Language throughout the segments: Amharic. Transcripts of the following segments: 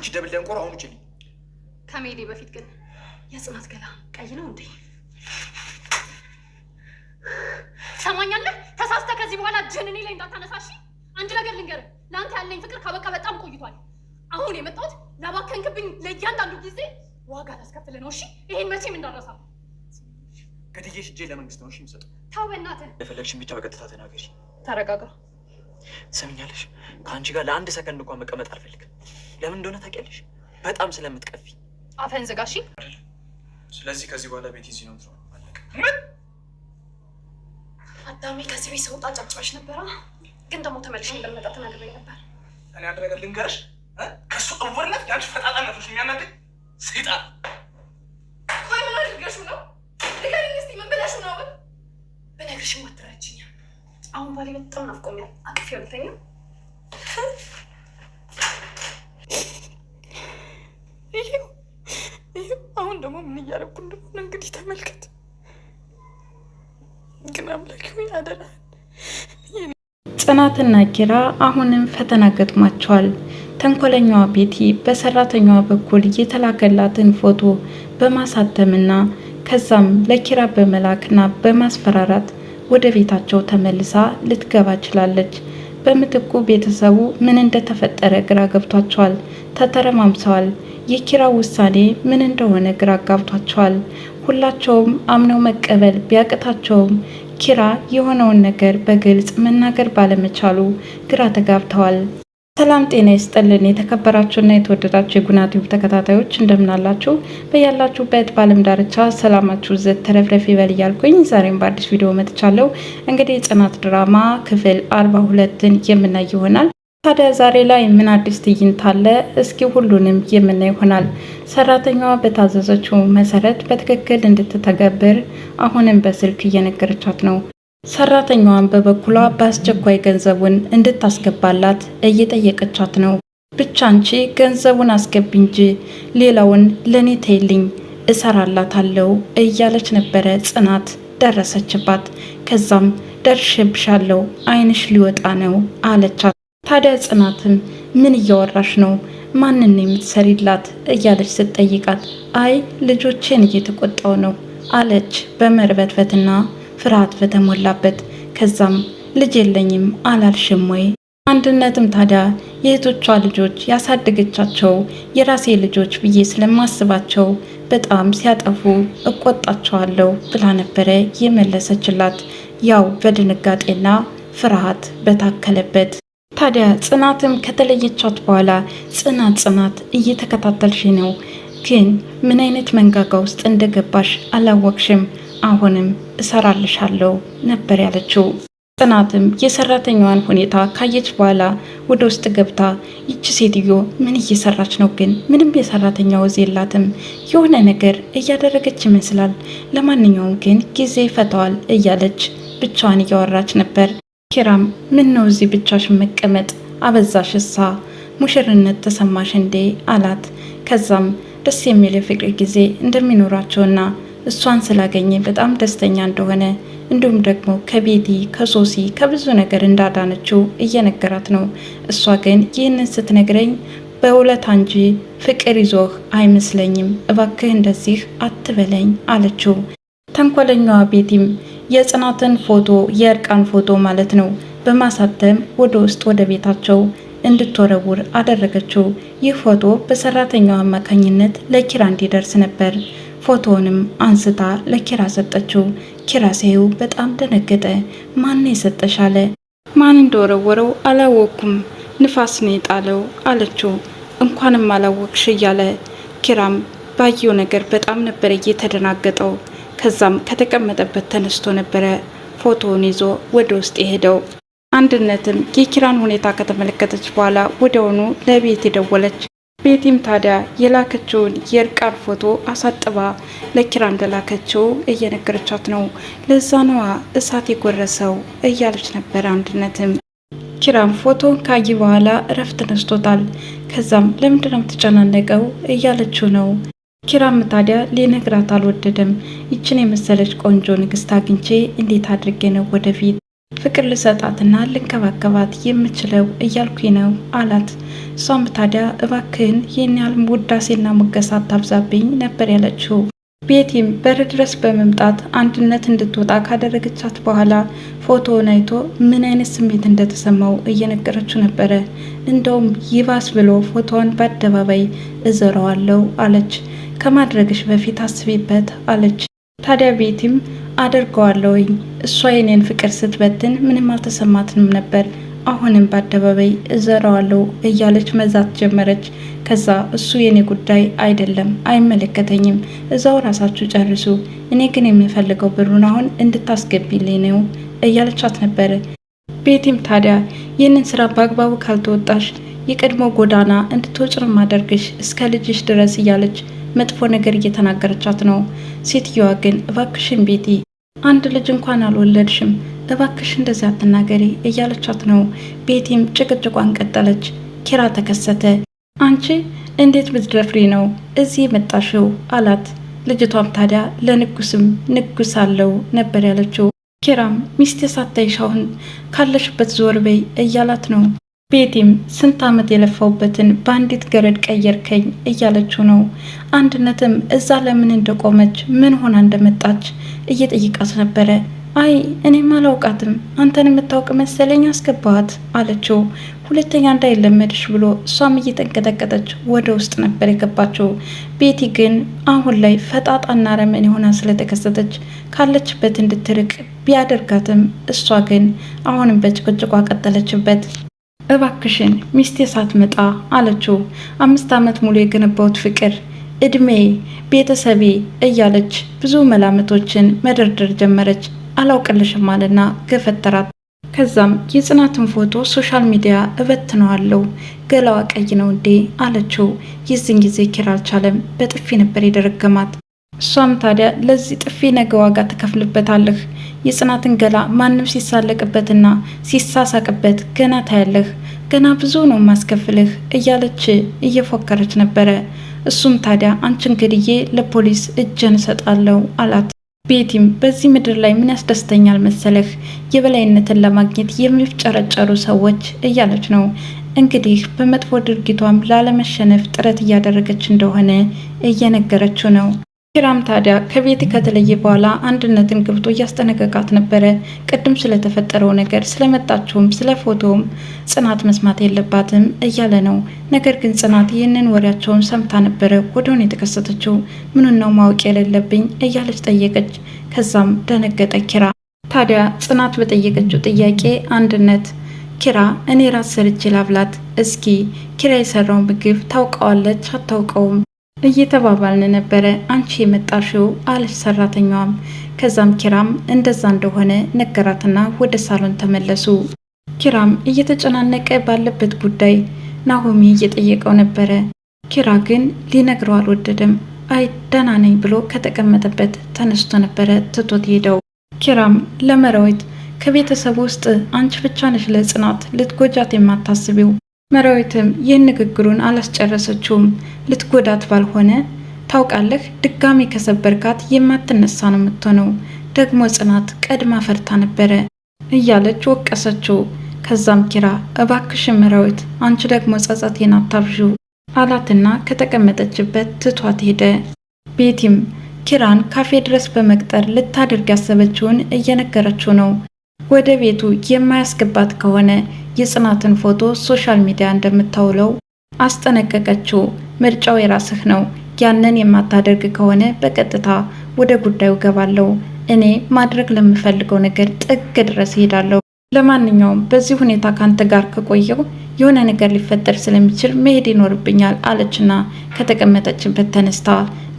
አንቺ ደብል ደንቆሮ አሁን ውጭ ልኝ። ከመሄዴ በፊት ግን የጽናት ገላ ቀይ ነው እንዴ? ሰማኛለህ? ተሳስተህ ከዚህ በኋላ እጅህን እኔ ላይ እንዳታነሳሽ። አንድ ነገር ልንገርህ፣ ለአንተ ያለኝ ፍቅር ካበቃ በጣም ቆይቷል። አሁን የመጣሁት ላባከንክብኝ ለእያንዳንዱ ጊዜ ዋጋ ላስከፍል ነው። እሺ፣ ይሄን መቼም እንዳረሳ። ከትዬሽ እጄ ለመንግስት ነው። እሺ፣ የምሰጠው ተው፣ በእናትህ የፈለግሽን ብቻ በቀጥታ ተናገሪ። ተረጋጋ። ትሰምኛለሽ? ከአንቺ ጋር ለአንድ ሰከንድ እንኳን መቀመጥ አልፈልግም። ለምን እንደሆነ ታውቂያለሽ? በጣም ስለምትቀፊ አፈን ዝጋሽ። ስለዚህ ከዚህ በኋላ ቤት ይዚ ነው ትሮ ምን አዳሜ፣ ከዚህ ቤት ስወጣ ጨብጨባሽ ነበረ፣ ግን ደግሞ ተመልሽ እንደመጣ ተናግረኝ ነበር። እኔ አንድ ነገር ልንገርሽ፣ ከእሱ እውርነት የአንቺ ፈጣጣነቶች የሚያናደኝ ሰይጣን አሁን ባሌ በጣም ናፍቆኛል። አቅፍ ይወልተኛ አሁን ደግሞ ምን እያደረኩ እንደሆነ እንግዲህ ተመልከት። ግን አምላኪ አደራል። ጽናትና ኪራ አሁንም ፈተና ገጥሟቸዋል። ተንኮለኛዋ ቤቲ በሰራተኛዋ በኩል የተላከላትን ፎቶ በማሳተምና ከዛም ለኪራ በመላክና በማስፈራራት ወደ ቤታቸው ተመልሳ ልትገባ ችላለች። በምትኩ ቤተሰቡ ምን እንደተፈጠረ ግራ ገብቷቸዋል፣ ተተረማምሰዋል። የኪራ ውሳኔ ምን እንደሆነ ግራ አጋብቷቸዋል። ሁላቸውም አምነው መቀበል ቢያቅታቸውም ኪራ የሆነውን ነገር በግልጽ መናገር ባለመቻሉ ግራ ተጋብተዋል። ሰላም ጤና ይስጥልን። የተከበራችሁና የተወደዳችሁ የጉና ቲዩብ ተከታታዮች እንደምናላችሁ፣ በያላችሁበት በዓለም ዳርቻ ሰላማችሁ ዘት ተረፍረፍ ይበል እያልኩኝ ዛሬም በአዲስ ቪዲዮ መጥቻለሁ። እንግዲህ የጽናት ድራማ ክፍል አርባ ሁለትን የምናይ ይሆናል። ታዲያ ዛሬ ላይ ምን አዲስ ትዕይንት አለ? እስኪ ሁሉንም የምናይ ይሆናል። ሰራተኛዋ በታዘዘችው መሰረት በትክክል እንድትተገብር አሁንም በስልክ እየነገረቻት ነው። ሰራተኛዋን በበኩሏ በአስቸኳይ ገንዘቡን እንድታስገባላት እየጠየቀቻት ነው። ብቻ አንቺ ገንዘቡን አስገቢ እንጂ ሌላውን ለእኔ ተይልኝ እሰራላታለሁ እያለች ነበረ። ጽናት ደረሰችባት። ከዛም ደርሼብሻለሁ፣ አይንሽ ሊወጣ ነው አለቻት። ታዲያ ጽናትም ምን እያወራሽ ነው? ማንን የምትሰሪላት እያለች ስትጠይቃት፣ አይ ልጆቼን እየተቆጣው ነው አለች በመርበትበትና ፍርሃት በተሞላበት ከዛም ልጅ የለኝም አላልሽም ወይ? አንድነትም ታዲያ የእህቶቿ ልጆች ያሳደገቻቸው የራሴ ልጆች ብዬ ስለማስባቸው በጣም ሲያጠፉ እቆጣቸዋለሁ ብላ ነበረ የመለሰችላት፣ ያው በድንጋጤና ፍርሃት በታከለበት። ታዲያ ጽናትም ከተለየቻት በኋላ ጽናት ጽናት እየተከታተልሽ ነው ግን ምን አይነት መንጋጋ ውስጥ እንደገባሽ አላወቅሽም አሁንም እሰራልሻለሁ ነበር ያለችው። ጽናትም የሰራተኛዋን ሁኔታ ካየች በኋላ ወደ ውስጥ ገብታ ይቺ ሴትዮ ምን እየሰራች ነው ግን? ምንም የሰራተኛ ወዝ የላትም። የሆነ ነገር እያደረገች ይመስላል። ለማንኛውም ግን ጊዜ ይፈታዋል እያለች ብቻዋን እያወራች ነበር። ኪራም ምን ነው እዚህ ብቻሽን መቀመጥ አበዛሽ፣ እሳ ሙሽርነት ተሰማሽ እንዴ አላት። ከዛም ደስ የሚል የፍቅር ጊዜ እንደሚኖራቸውና እሷን ስላገኘ በጣም ደስተኛ እንደሆነ እንዲሁም ደግሞ ከቤቲ ከሶሲ ከብዙ ነገር እንዳዳነችው እየነገራት ነው። እሷ ግን ይህንን ስትነግረኝ በውለታ እንጂ ፍቅር ይዞህ አይመስለኝም፣ እባክህ እንደዚህ አትበለኝ አለችው። ተንኮለኛዋ ቤቲም የጽናትን ፎቶ የእርቃን ፎቶ ማለት ነው በማሳተም ወደ ውስጥ ወደ ቤታቸው እንድትወረውር አደረገችው። ይህ ፎቶ በሰራተኛው አማካኝነት ለኪራ እንዲደርስ ነበር። ፎቶውንም አንስታ ለኪራ ሰጠችው። ኪራ ሲያዩ በጣም ደነገጠ። ማን የሰጠሽ አለ። ማን እንደወረወረው አላወቅኩም፣ ንፋስ ነው የጣለው አለችው። እንኳንም አላወቅሽ እያለ ኪራም ባየው ነገር በጣም ነበረ እየተደናገጠው። ከዛም ከተቀመጠበት ተነስቶ ነበረ ፎቶውን ይዞ ወደ ውስጥ የሄደው። አንድነትም የኪራን ሁኔታ ከተመለከተች በኋላ ወዲያውኑ ለቤት የደወለች። ቤቲም ታዲያ የላከችውን የእርቃን ፎቶ አሳጥባ ለኪራ እንደላከችው እየነገረቻት ነው። ለዛ ነዋ እሳት የጎረሰው እያለች ነበር። አንድነትም ኪራም ፎቶን ካየ በኋላ እረፍት ነስቶታል። ከዛም ለምንድን ነው የምትጨናነቀው እያለችው ነው። ኪራም ታዲያ ሊነግራት አልወደደም። ይችን የመሰለች ቆንጆ ንግስት አግኝቼ እንዴት አድርጌ ነው ወደፊት ፍቅር ልሰጣትና ልንከባከባት የምችለው እያልኩ ነው አላት። እሷም ታዲያ እባክህን ይህን ያህል ውዳሴና ሙገሳ አታብዛብኝ ነበር ያለችው። ቤቲም በር ድረስ በመምጣት አንድነት እንድትወጣ ካደረገቻት በኋላ ፎቶውን አይቶ ምን አይነት ስሜት እንደተሰማው እየነገረችው ነበረ። እንደውም ይባስ ብሎ ፎቶዋን በአደባባይ እዘረዋለው አለች። ከማድረግሽ በፊት አስቢበት አለች። ታዲያ ቤቲም አደርገዋለሁኝ እሷ የኔን ፍቅር ስትበትን ምንም አልተሰማትንም ነበር። አሁንም በአደባባይ እዘረዋለሁ እያለች መዛት ጀመረች። ከዛ እሱ የኔ ጉዳይ አይደለም፣ አይመለከተኝም፣ እዛው ራሳችሁ ጨርሱ፣ እኔ ግን የምፈልገው ብሩን አሁን እንድታስገቢልኝ ነው እያለቻት ነበረ። ቤቲም ታዲያ ይህንን ስራ በአግባቡ ካልተወጣሽ የቀድሞ ጎዳና እንድትወጭ ነው ማደርግሽ እስከ ልጅሽ ድረስ እያለች መጥፎ ነገር እየተናገረቻት ነው። ሴትየዋ ግን እባክሽን ቤቲ አንድ ልጅ እንኳን አልወለድሽም፣ እባክሽ እንደዚያ አትናገሪ እያለቻት ነው። ቤቲም ጭቅጭቋን ቀጠለች። ኪራ ተከሰተ። አንቺ እንዴት ብትደፍሪ ነው እዚህ የመጣሽው አላት። ልጅቷም ታዲያ ለንጉስም ንጉስ አለው ነበር ያለችው። ኪራም ሚስቴ ሳታይሽ አሁን ካለሽበት ዞር በይ እያላት ነው። ቤቲም ስንት ዓመት የለፋውበትን በአንዲት ገረድ ቀየርከኝ እያለችው ነው። አንድነትም እዛ ለምን እንደቆመች ምን ሆና እንደመጣች እየጠየቃት ነበረ። አይ እኔም አላውቃትም አንተን የምታውቅ መሰለኝ አስገባዋት አለችው። ሁለተኛ እንዳይለመድሽ ብሎ እሷም እየተንቀጠቀጠች ወደ ውስጥ ነበር የገባችው። ቤቲ ግን አሁን ላይ ፈጣጣና ረመን የሆና ስለተከሰተች ካለችበት እንድትርቅ ቢያደርጋትም እሷ ግን አሁንም በጭቅጭቋ ቀጠለችበት። እባክሽን ሚስቴ ሳትመጣ አለችው። አምስት ዓመት ሙሉ የገነባሁት ፍቅር እድሜ፣ ቤተሰቤ እያለች ብዙ መላምቶችን መደርደር ጀመረች። አላውቅልሽም አለና ገፈተራት። ከዛም የጽናትን ፎቶ ሶሻል ሚዲያ እበትነዋለሁ ገላዋ ቀይ ነው እንዴ አለችው። የዚህን ጊዜ ኪራ አልቻለም፣ በጥፊ ነበር የደረገማት። እሷም ታዲያ ለዚህ ጥፊ ነገ ዋጋ ትከፍልበታለህ፣ የጽናትን ገላ ማንም ሲሳለቅበትና ሲሳሳቅበት ገና ታያለህ ገና ብዙ ነው ማስከፍልህ እያለች እየፎከረች ነበረ። እሱም ታዲያ አንቺን ግድዬ ለፖሊስ እጄን እሰጣለሁ አላት። ቤቲም በዚህ ምድር ላይ ምን ያስደስተኛል መሰለህ የበላይነትን ለማግኘት የሚፍጨረጨሩ ሰዎች እያለች ነው። እንግዲህ በመጥፎ ድርጊቷም ላለመሸነፍ ጥረት እያደረገች እንደሆነ እየነገረችው ነው። ኪራም ታዲያ ከቤት ከተለየ በኋላ አንድነትን ገብቶ እያስጠነቀቃት ነበረ። ቅድም ስለተፈጠረው ነገር ስለመጣችሁም ስለ ፎቶም ጽናት መስማት የለባትም እያለ ነው። ነገር ግን ጽናት ይህንን ወሬያቸውን ሰምታ ነበረ ወደሆን የተከሰተችው። ምኑን ነው ማወቅ የሌለብኝ እያለች ጠየቀች። ከዛም ደነገጠ ኪራ። ታዲያ ጽናት በጠየቀችው ጥያቄ አንድነት ኪራ እኔ ራት ሰርቼ ላብላት፣ እስኪ ኪራ የሰራው ምግብ ታውቀዋለች አታውቀውም እየተባባልን ነበረ። አንቺ የመጣሽው አለች ሰራተኛዋም። ከዛም ኪራም እንደዛ እንደሆነ ነገራትና ወደ ሳሎን ተመለሱ። ኪራም እየተጨናነቀ ባለበት ጉዳይ ናሆሚ እየጠየቀው ነበረ። ኪራ ግን ሊነግረው አልወደደም። አይ ደህና ነኝ ብሎ ከተቀመጠበት ተነስቶ ነበረ ትቶት ሄደው። ኪራም ለመራዊት ከቤተሰብ ውስጥ አንቺ ብቻ ነሽ ለጽናት ልትጎጃት የማታስቢው መራዊትም ይህን ንግግሩን አላስጨረሰችውም። ልትጎዳት ባልሆነ ታውቃለህ፣ ድጋሚ ከሰበርካት የማትነሳ ነው የምትሆነው። ደግሞ ጽናት ቀድማ ፈርታ ነበረ እያለች ወቀሰችው። ከዛም ኪራ እባክሽ መራዊት፣ አንቺ ደግሞ ጸጸቴን አታብዢው አላትና ከተቀመጠችበት ትቷት ሄደ። ቤቲም ኪራን ካፌ ድረስ በመቅጠር ልታደርግ ያሰበችውን እየነገረችው ነው። ወደ ቤቱ የማያስገባት ከሆነ የጽናትን ፎቶ ሶሻል ሚዲያ እንደምታውለው አስጠነቀቀችው። ምርጫው የራስህ ነው፣ ያንን የማታደርግ ከሆነ በቀጥታ ወደ ጉዳዩ ገባለሁ፣ እኔ ማድረግ ለምፈልገው ነገር ጥግ ድረስ እሄዳለሁ። ለማንኛውም በዚህ ሁኔታ ካንተ ጋር ከቆየው የሆነ ነገር ሊፈጠር ስለሚችል መሄድ ይኖርብኛል አለችና ከተቀመጠችበት ተነስታ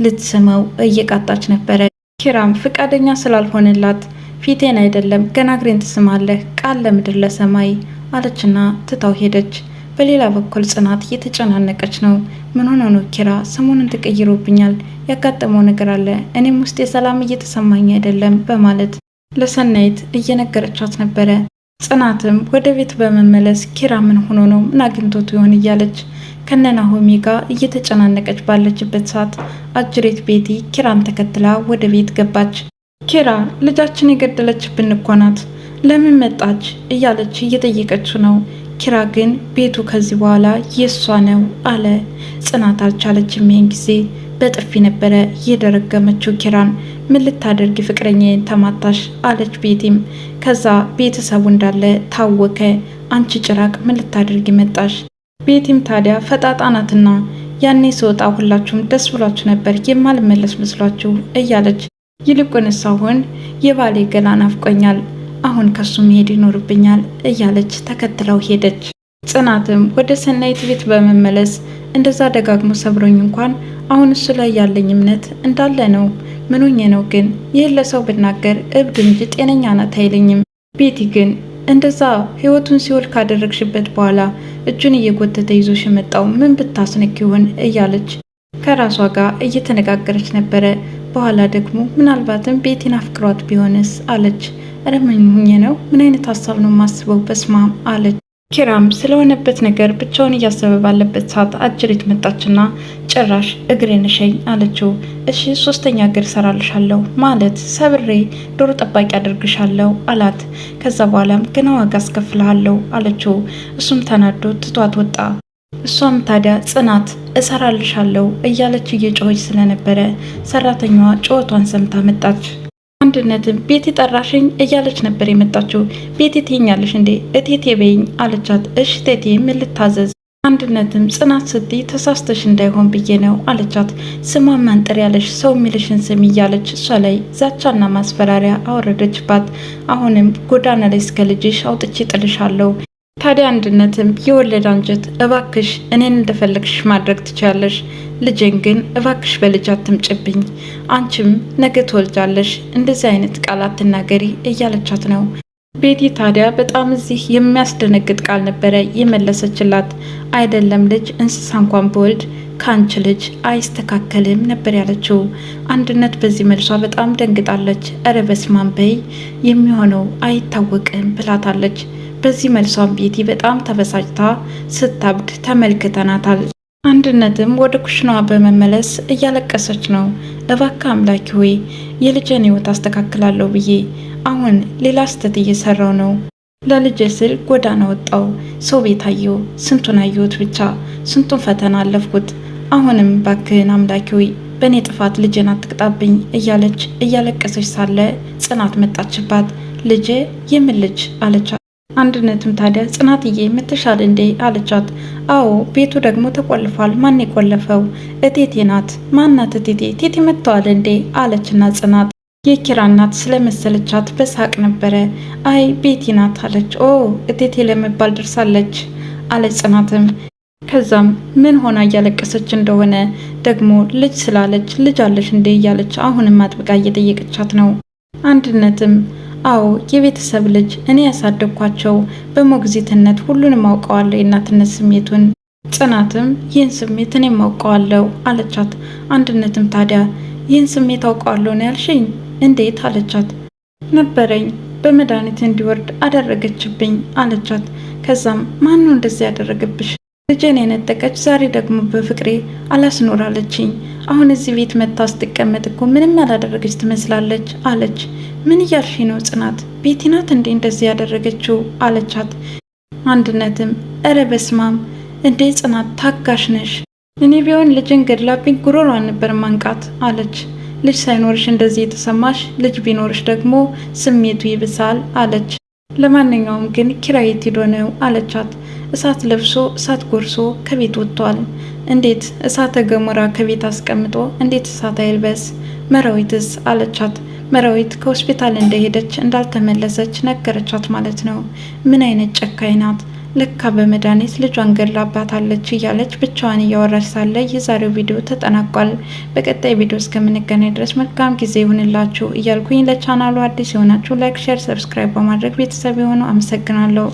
ልትስመው እየቃጣች ነበረ። ኪራም ፈቃደኛ ስላልሆነላት ፊቴን አይደለም ገና ግሬን ትስማለህ ቃል ለምድር ለሰማይ አለችና ትታው ሄደች። በሌላ በኩል ጽናት እየተጨናነቀች ነው። ምን ሆነ ነው ኪራ? ሰሞኑን ተቀይሮብኛል፣ ያጋጠመው ነገር አለ፣ እኔም ውስጥ የሰላም እየተሰማኝ አይደለም በማለት ለሰናይት እየነገረቻት ነበረ። ጽናትም ወደ ቤት በመመለስ ኪራ ምን ሆኖ ነው ምን አግኝቶት ይሆን እያለች ከነናሆሚ ጋር እየተጨናነቀች ባለችበት ሰዓት አጅሬት ቤቲ ኪራን ተከትላ ወደ ቤት ገባች። ኪራ ልጃችን የገደለችብን እኮ ናት ለምን መጣች እያለች እየጠየቀችው ነው። ኪራ ግን ቤቱ ከዚህ በኋላ የእሷ ነው አለ። ጽናት አልቻለችም። ይህን ጊዜ በጥፊ ነበረ እየደረገመችው ኪራን። ምን ልታደርጊ ፍቅረኛ ተማታሽ አለች ቤቲም። ከዛ ቤተሰቡ እንዳለ ታወከ። አንቺ ጭራቅ ምን ልታደርጊ መጣሽ? ቤቲም ታዲያ ፈጣጣናትና ያኔ ስወጣ ሁላችሁም ደስ ብሏችሁ ነበር የማልመለስ መስሏችሁ እያለች ይልቁንስ አሁን የባሌ ገላ ናፍቆኛል፣ አሁን ከሱ መሄድ ይኖርብኛል እያለች ተከትለው ሄደች። ጽናትም ወደ ሰናይት ቤት በመመለስ እንደዛ ደጋግሞ ሰብሮኝ እንኳን አሁን እሱ ላይ ያለኝ እምነት እንዳለ ነው። ምኑኝ ነው ግን ይህን ለሰው ብናገር እብድ እንጂ ጤነኛ ናት አይለኝም። ቤቲ ግን እንደዛ ህይወቱን ሲወል ካደረግሽበት በኋላ እጁን እየጎተተ ይዞሽ የመጣው ምን ብታስነክ ይሆን እያለች ከራሷ ጋር እየተነጋገረች ነበረ። በኋላ ደግሞ ምናልባትም ቤቴን አፍቅሯት ቢሆንስ አለች። ረመኝ ሁኜ ነው ምን አይነት ሀሳብ ነው የማስበው? በስማም አለች። ኪራም ስለሆነበት ነገር ብቻውን እያሰበ ባለበት ሰዓት አጅሬት መጣችና ጭራሽ እግሬን ነሸኝ አለችው። እሺ ሶስተኛ እግር ሰራልሻለሁ ማለት ሰብሬ ዶሮ ጠባቂ አድርግሻለሁ አላት። ከዛ በኋላም ገና ዋጋ አስከፍልሃለሁ አለችው። እሱም ተናዶ ትቷት ወጣ። እሷም ታዲያ ጽናት እሰራልሻለሁ እያለች እየጮኸች ስለነበረ ሰራተኛዋ ጩኸቷን ሰምታ መጣች። አንድነትም ቤቴ ጠራሽኝ እያለች ነበር የመጣችው። ቤቲ ትይኛለሽ እንዴ እቴቴ በይኝ አለቻት። እሽ ቴቴ ምን ልታዘዝ? አንድነትም ጽናት ስትይ ተሳስተሽ እንዳይሆን ብዬ ነው አለቻት። ስሟን ማንጠር ያለሽ ሰው የሚልሽን ስም እያለች እሷ ላይ ዛቻና ማስፈራሪያ አወረደችባት። አሁንም ጎዳና ላይ እስከ ልጅሽ አውጥቼ ጥልሻለሁ ታዲያ አንድነትም የወለድ አንጀት እባክሽ እኔን እንደፈለግሽ ማድረግ ትችያለሽ፣ ልጄን ግን እባክሽ በልጅ አትምጭብኝ፣ አንቺም ነገ ትወልጃለሽ፣ እንደዚህ አይነት ቃል አትናገሪ እያለቻት ነው። ቤቲ ታዲያ በጣም እዚህ የሚያስደነግጥ ቃል ነበረ የመለሰችላት። አይደለም ልጅ እንስሳ እንኳን በወልድ ከአንቺ ልጅ አይስተካከልም ነበር ያለችው። አንድነት በዚህ መልሷ በጣም ደንግጣለች። እረ በስማም በይ የሚሆነው አይታወቅም ብላታለች። በዚህ መልሷ ቤቲ በጣም ተበሳጭታ ስታብድ ተመልክተናታል። አንድነትም ወደ ኩሽናዋ በመመለስ እያለቀሰች ነው። እባክህ አምላኪ ሆይ የልጄን ህይወት አስተካክላለሁ ብዬ አሁን ሌላ ስህተት እየሰራው ነው። ለልጄ ስል ጎዳና ወጣው፣ ሰው ቤት አየው፣ ስንቱን አየሁት፣ ብቻ ስንቱን ፈተና አለፍኩት። አሁንም ባክህን አምላኪ ሆይ በእኔ ጥፋት ልጄን አትቅጣብኝ እያለች እያለቀሰች ሳለ ጽናት መጣችባት። ልጄ የምን ልጅ አለቻት። አንድነትም ታዲያ ጽናትዬ የምትሻል እንዴ አለቻት። አዎ ቤቱ ደግሞ ተቆልፏል። ማን የቆለፈው? እቴቴ ናት። ማናት? እቴቴ ቴቴ መጥተዋል እንዴ አለችና ጽናት የኪራ እናት ስለመሰለቻት በሳቅ ነበረ። አይ ቤቴ ናት አለች። ኦ እቴቴ ለመባል ደርሳለች አለች ጽናትም። ከዛም ምን ሆና እያለቀሰች እንደሆነ ደግሞ ልጅ ስላለች ልጅ አለች እንዴ እያለች አሁንም አጥብቃ እየጠየቀቻት ነው አንድነትም አዎ የቤተሰብ ልጅ እኔ ያሳደግኳቸው በሞግዚትነት ሁሉንም አውቀዋለሁ የእናትነት ስሜቱን። ጽናትም ይህን ስሜት እኔም አውቀዋለሁ አለቻት። አንድነትም ታዲያ ይህን ስሜት አውቀዋለሁ ነው ያልሽኝ? እንዴት አለቻት። ነበረኝ በመድኃኒት እንዲወርድ አደረገችብኝ አለቻት። ከዛም ማነው እንደዚህ ያደረገብሽ? ልጄን የነጠቀች ዛሬ ደግሞ በፍቅሬ አላስኖራለችኝ። አሁን እዚህ ቤት መታ ስትቀመጥ እኮ ምንም ያላደረገች ትመስላለች አለች። ምን እያልሽ ነው ጽናት? ቤቲ ናት እንዴ እንደዚህ ያደረገችው አለቻት። አንድነትም እረ በስማም እንዴ ጽናት ታጋሽ ነሽ። እኔ ቢሆን ልጅን ገድላብኝ ጉሮሯን ነበር ማንቃት አለች። ልጅ ሳይኖርሽ እንደዚህ የተሰማሽ፣ ልጅ ቢኖርሽ ደግሞ ስሜቱ ይብሳል አለች። ለማንኛውም ግን ኪራይ የት ሄዶ ነው አለቻት። እሳት ለብሶ እሳት ጎርሶ ከቤት ወጥቷል። እንዴት እሳተ ገሞራ ከቤት አስቀምጦ እንዴት እሳት አይልበስ መራዊትስ አለቻት። መራዊት ከሆስፒታል እንደሄደች እንዳልተመለሰች ነገረቻት ማለት ነው። ምን አይነት ጨካኝ ናት! ለካ በመድኃኒት ልጇን ገላባታለች እያለች ብቻዋን እያወራች ሳለ የዛሬው ቪዲዮ ተጠናቋል። በቀጣይ ቪዲዮ እስከምንገናኝ ድረስ መልካም ጊዜ ይሁንላችሁ እያልኩኝ ለቻናሉ አዲስ የሆናችሁ ላይክ፣ ሼር፣ ሰብስክራይብ በማድረግ ቤተሰብ የሆኑ አመሰግናለሁ።